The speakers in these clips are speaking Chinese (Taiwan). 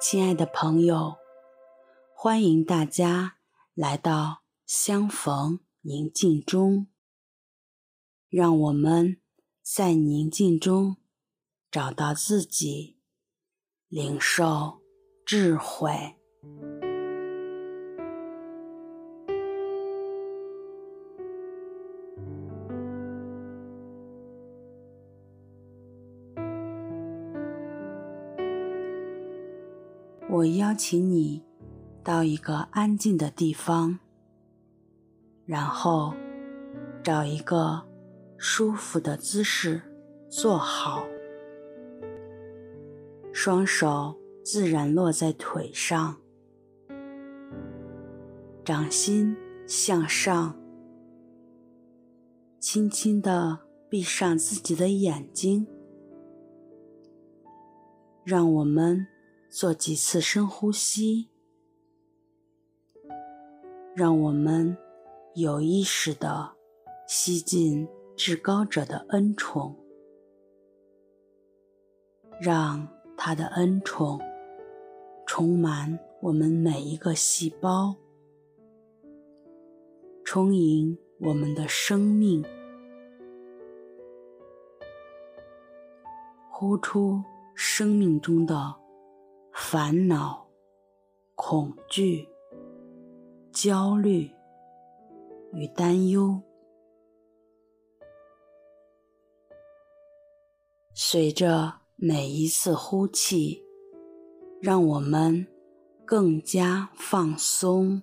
親愛的朋友，歡迎大家來到相逢寧靜中。讓我們在寧靜中找到自己，領受智慧。我邀請你到一個安靜的地方，然後找一個舒服的姿勢坐好，雙手自然落在腿上，掌心向上，輕輕的閉上自己的眼睛，讓我們。做幾次深呼吸，讓我們有意識地吸進至高者的恩寵，讓他的恩寵充滿我們每一個細胞，充盈我們的生命，呼出生命中的。煩惱、恐懼、焦慮與擔憂，隨着每一次呼氣，讓我們更加放鬆。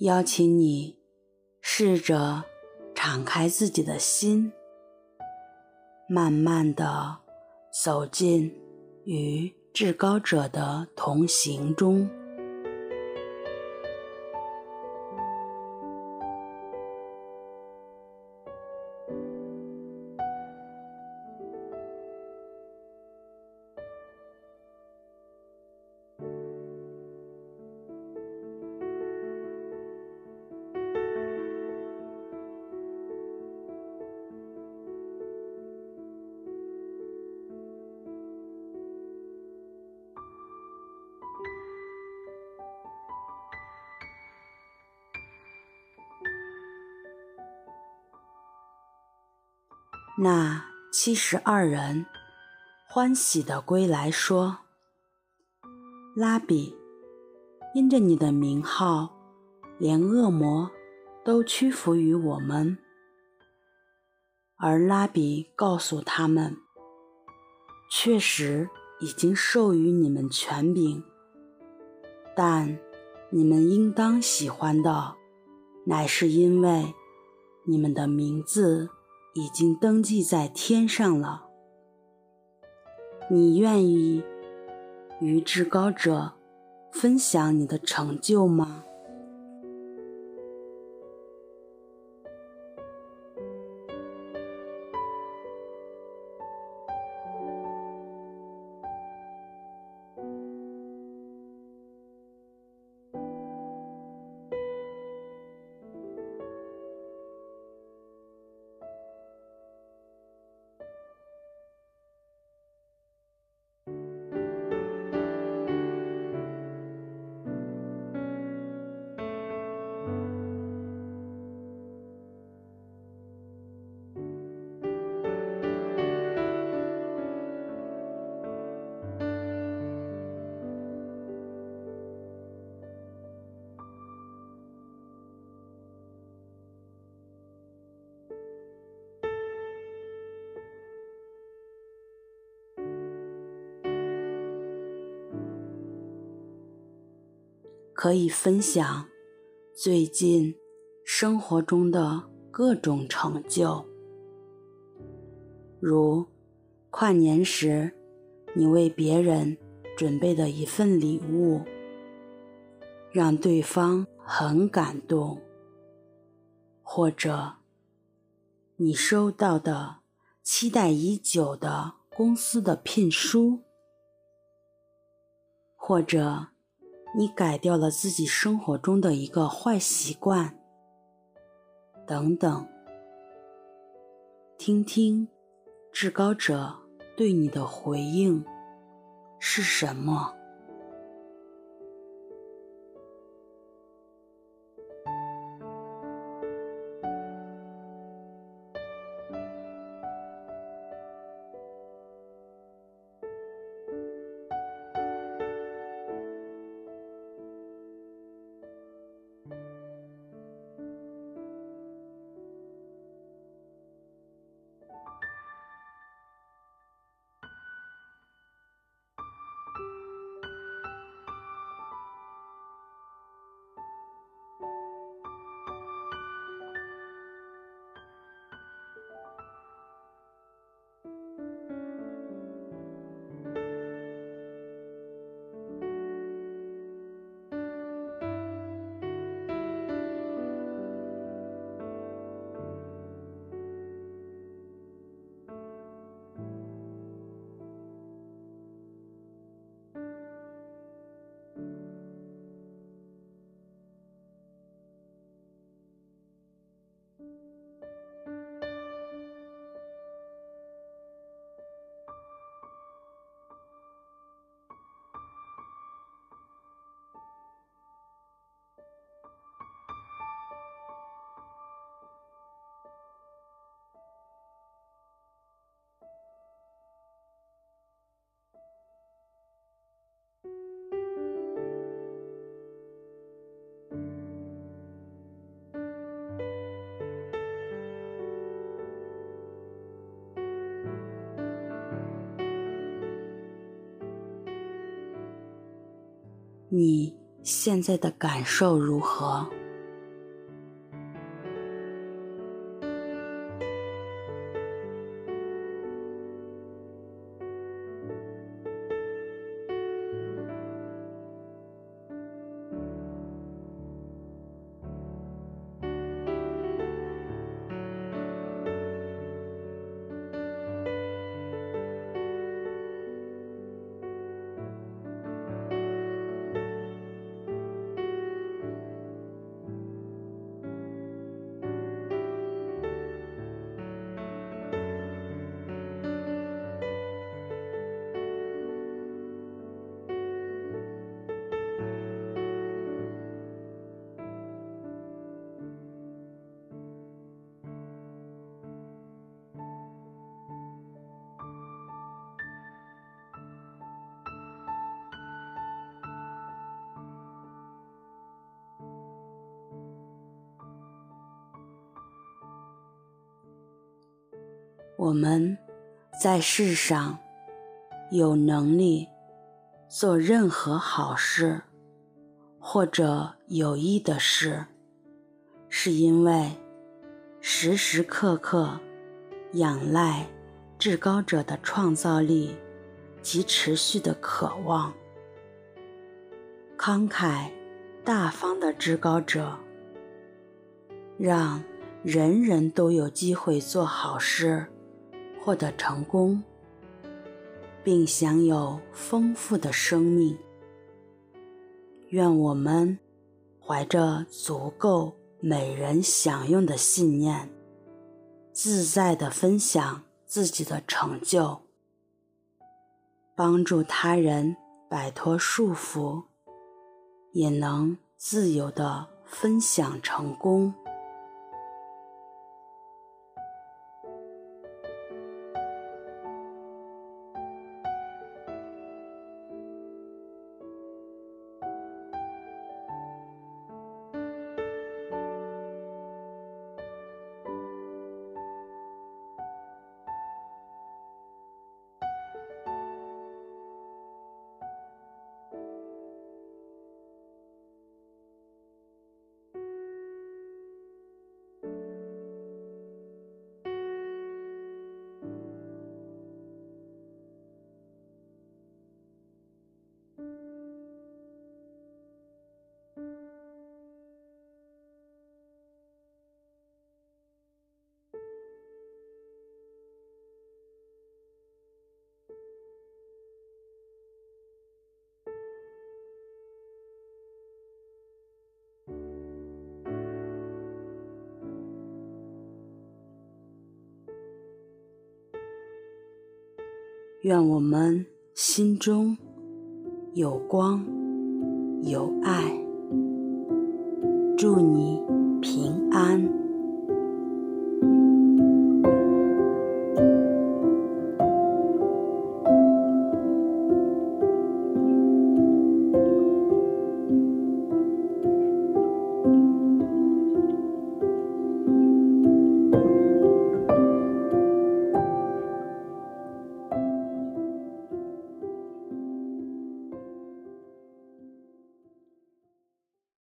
邀請你試着敞開自己的心，慢慢地走進與至高者的同行中。那七十二人歡喜地歸來，說：“辣彼，因着你的名號，連惡魔都屈服於我們。”而辣彼告訴他們：“確實已經授予你們權柄，但你們應當喜歡的，乃是因為你們的名字。”已經登記在天上了。你願意與至高者分享你的成就嗎？可以分享最近生活中的各種成就，如跨年時你為別人準備的一份禮物，讓對方很感動；或者你收到的期待已久的公司的聘書；或者。你改掉了自己生活中的一個壞習慣，等等。聽聽，至高者對你的回應是什麼？你現在的感受如何？我們在世上有能力做任何好事或者有益的事，是因為時時刻刻仰賴至高者的創造力及持續的渴望。慷慨大方的至高者，讓人人都有機會做好事。獲得成功，並享有豐富的生命。願我們懷着足夠每人享用的信念，自在地分享自己的成就，幫助他人擺脫束縛，也能自由地分享成功。願我們心中，有光，有愛。祝你平安！